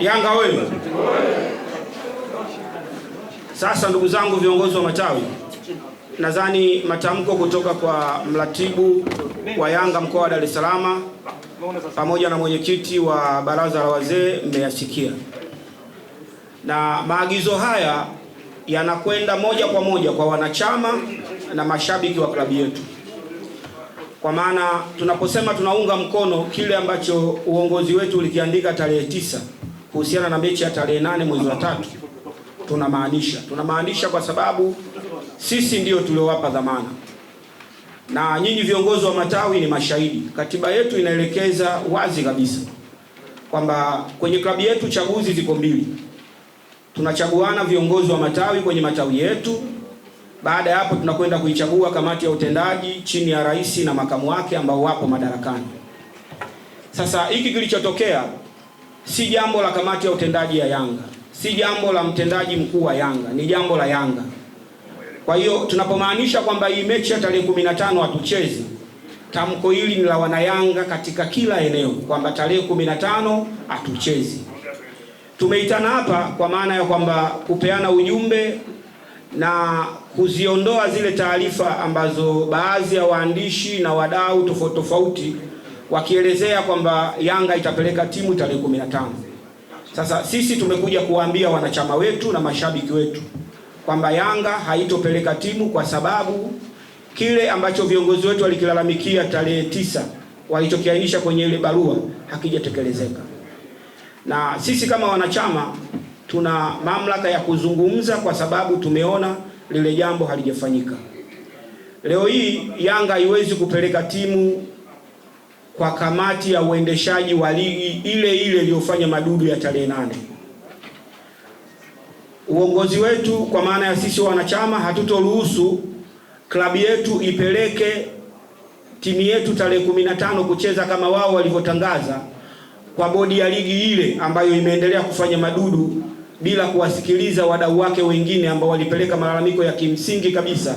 Yanga wewe. Sasa ndugu zangu, viongozi wa matawi, nadhani matamko kutoka kwa mratibu wa Yanga mkoa wa Dar es Salaam pamoja na mwenyekiti wa baraza la wazee mmeyasikia, na maagizo haya yanakwenda moja kwa moja kwa wanachama na mashabiki wa klabu yetu kwa maana tunaposema tunaunga mkono kile ambacho uongozi wetu ulikiandika tarehe tisa kuhusiana na mechi ya tarehe nane mwezi wa tatu, tunamaanisha tunamaanisha kwa sababu sisi ndio tuliowapa dhamana na nyinyi viongozi wa matawi ni mashahidi. Katiba yetu inaelekeza wazi kabisa kwamba kwenye klabu yetu chaguzi ziko mbili, tunachaguana viongozi wa matawi kwenye matawi yetu baada ya hapo, tunakwenda kuichagua kamati ya utendaji chini ya rais na makamu wake ambao wapo madarakani. Sasa hiki kilichotokea si jambo la kamati ya utendaji ya Yanga, si jambo la mtendaji mkuu wa Yanga, ni jambo la Yanga. Kwa hiyo tunapomaanisha kwamba hii mechi ya tarehe 15 hatuchezi, tamko hili ni la wanayanga katika kila eneo kwamba tarehe 15 hatuchezi. Tumeitana hapa kwa maana ya kwamba kupeana ujumbe na kuziondoa zile taarifa ambazo baadhi ya waandishi na wadau tofauti tofauti wakielezea kwamba Yanga itapeleka timu tarehe 15. Sasa sisi tumekuja kuwaambia wanachama wetu na mashabiki wetu kwamba Yanga haitopeleka timu kwa sababu kile ambacho viongozi wetu walikilalamikia tarehe tisa walichokiainisha kwenye ile barua hakijatekelezeka, na sisi kama wanachama tuna mamlaka ya kuzungumza, kwa sababu tumeona lile jambo halijafanyika. Leo hii Yanga haiwezi kupeleka timu kwa kamati ya uendeshaji wa ligi ile ile iliyofanya madudu ya tarehe nane. Uongozi wetu kwa maana ya sisi wanachama hatutoruhusu klabu yetu ipeleke timu yetu tarehe tano kucheza kama wao walivyotangaza kwa bodi ya ligi ile ambayo imeendelea kufanya madudu bila kuwasikiliza wadau wake wengine ambao walipeleka malalamiko ya kimsingi kabisa,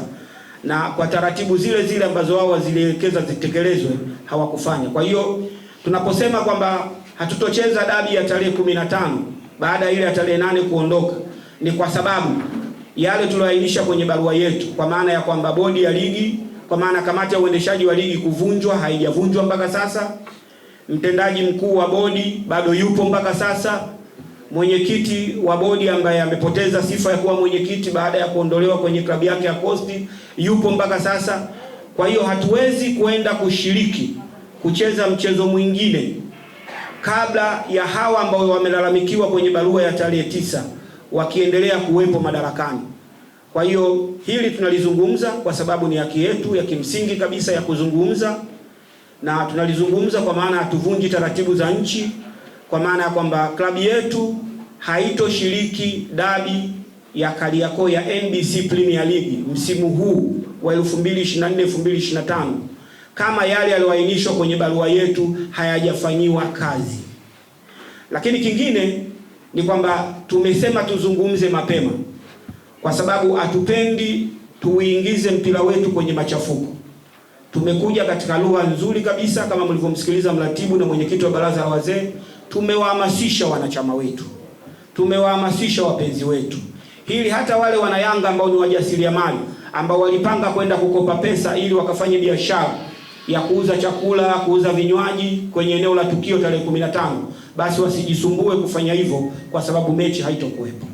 na kwa taratibu zile zile ambazo wao wazielekeza zitekelezwe hawakufanya. Kwa hiyo tunaposema kwamba hatutocheza dabi ya tarehe kumi na tano baada ya ile ya tarehe nane kuondoka ni kwa sababu yale tuliyoainisha kwenye barua yetu, kwa maana ya kwamba bodi ya ligi, kwa maana kamati ya uendeshaji wa ligi kuvunjwa, haijavunjwa mpaka sasa. Mtendaji mkuu wa bodi bado yupo mpaka sasa mwenyekiti wa bodi ambaye amepoteza sifa ya kuwa mwenyekiti baada ya kuondolewa kwenye klabu yake ya Coast, yupo mpaka sasa. Kwa hiyo hatuwezi kwenda kushiriki kucheza mchezo mwingine kabla ya hawa ambao wamelalamikiwa kwenye barua ya tarehe tisa wakiendelea kuwepo madarakani. Kwa hiyo hili tunalizungumza kwa sababu ni haki yetu ya kimsingi kabisa ya kuzungumza, na tunalizungumza kwa maana hatuvunji taratibu za nchi, kwa maana ya kwamba klabu yetu haitoshiriki dabi ya Kariakoo ya NBC Premier League msimu huu wa 2024 2025 kama yale yaliyoainishwa kwenye barua yetu hayajafanyiwa kazi. Lakini kingine ni kwamba tumesema tuzungumze mapema, kwa sababu hatupendi tuuingize mpira wetu kwenye machafuko. Tumekuja katika lugha nzuri kabisa, kama mlivyomsikiliza mratibu na mwenyekiti wa baraza la wazee, tumewahamasisha wanachama wetu tumewahamasisha wapenzi wetu hili, hata wale wanayanga ambao ni wajasiriamali ambao walipanga kwenda kukopa pesa ili wakafanye biashara ya kuuza chakula, kuuza vinywaji kwenye eneo la tukio tarehe 15, basi wasijisumbue kufanya hivyo kwa sababu mechi haitokuwepo.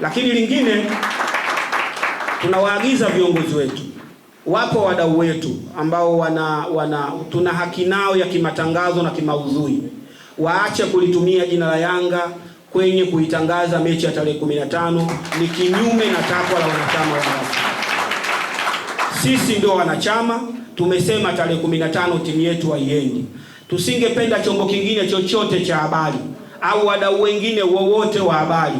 Lakini lingine tunawaagiza viongozi wetu, wapo wadau wetu ambao wana, wana tuna haki nao ya kimatangazo na kimaudhui, waache kulitumia jina la Yanga kwenye kuitangaza mechi ya tarehe 15 ni kinyume na takwa la wanachama wa Yanga. Sisi ndio wanachama tumesema tarehe 15 timu yetu haiendi. Tusingependa chombo kingine chochote cha habari au wadau wengine wowote wa habari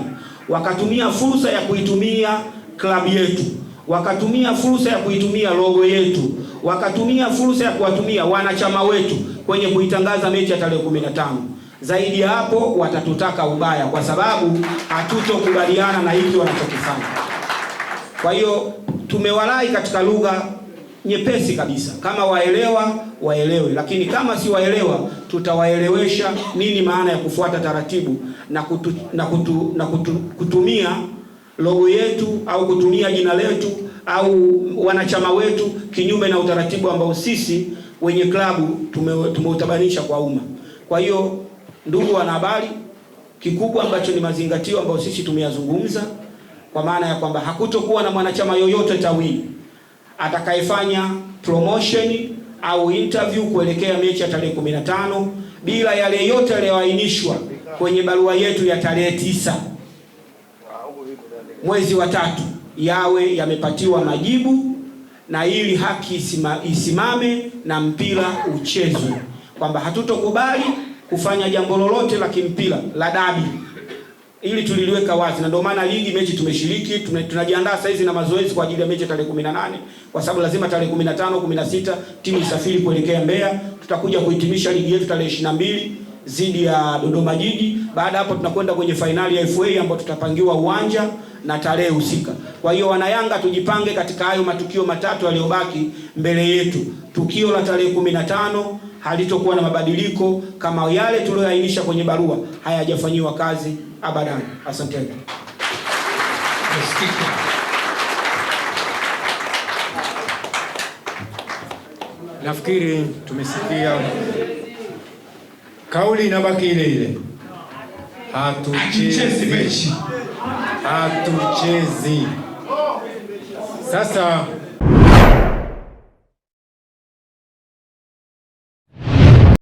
wakatumia fursa ya kuitumia klabu yetu, wakatumia fursa ya kuitumia logo yetu, wakatumia fursa ya kuwatumia wanachama wetu kwenye kuitangaza mechi ya tarehe 15. Zaidi ya hapo watatutaka ubaya, kwa sababu hatutokubaliana na hiki wanachokifanya. Kwa hiyo tumewalai katika lugha nyepesi kabisa, kama waelewa waelewe, lakini kama si waelewa, tutawaelewesha nini maana ya kufuata taratibu na, kutu, na, kutu, na kutu, kutumia logo yetu au kutumia jina letu au wanachama wetu kinyume na utaratibu ambao sisi wenye klabu tumeutabanisha kwa umma. Kwa hiyo Ndugu wanahabari, kikubwa ambacho ni mazingatio ambayo sisi tumeyazungumza kwa maana ya kwamba hakutokuwa na mwanachama yoyote tawini atakayefanya promotion au interview kuelekea mechi ya tarehe 15 bila yale yote yaliyoainishwa kwenye barua yetu ya tarehe tisa mwezi wa tatu yawe yamepatiwa majibu, na ili haki isima, isimame na mpira uchezwe, kwamba hatutokubali kufanya jambo lolote la kimpira la dabi ili tuliliweka wazi, na ndio maana ligi mechi tumeshiriki. Tunajiandaa sasa hizi na mazoezi kwa ajili ya mechi tarehe 18 kwa sababu lazima tarehe 15, 16 timu isafiri kuelekea Mbeya. Tutakuja kuhitimisha ligi yetu tarehe 22 dhidi ya Dodoma Jiji. Baada hapo, tunakwenda kwenye fainali ya FA ambayo tutapangiwa uwanja na tarehe husika. Kwa hiyo wanayanga, tujipange katika hayo matukio matatu yaliyobaki mbele yetu, tukio la tarehe 15 halitokuwa na mabadiliko kama yale tuliyoainisha kwenye barua hayajafanyiwa kazi abadan. Asanteni. Nafikiri tumesikia, kauli inabaki ile ile, hatuchezi mechi, hatuchezi. Sasa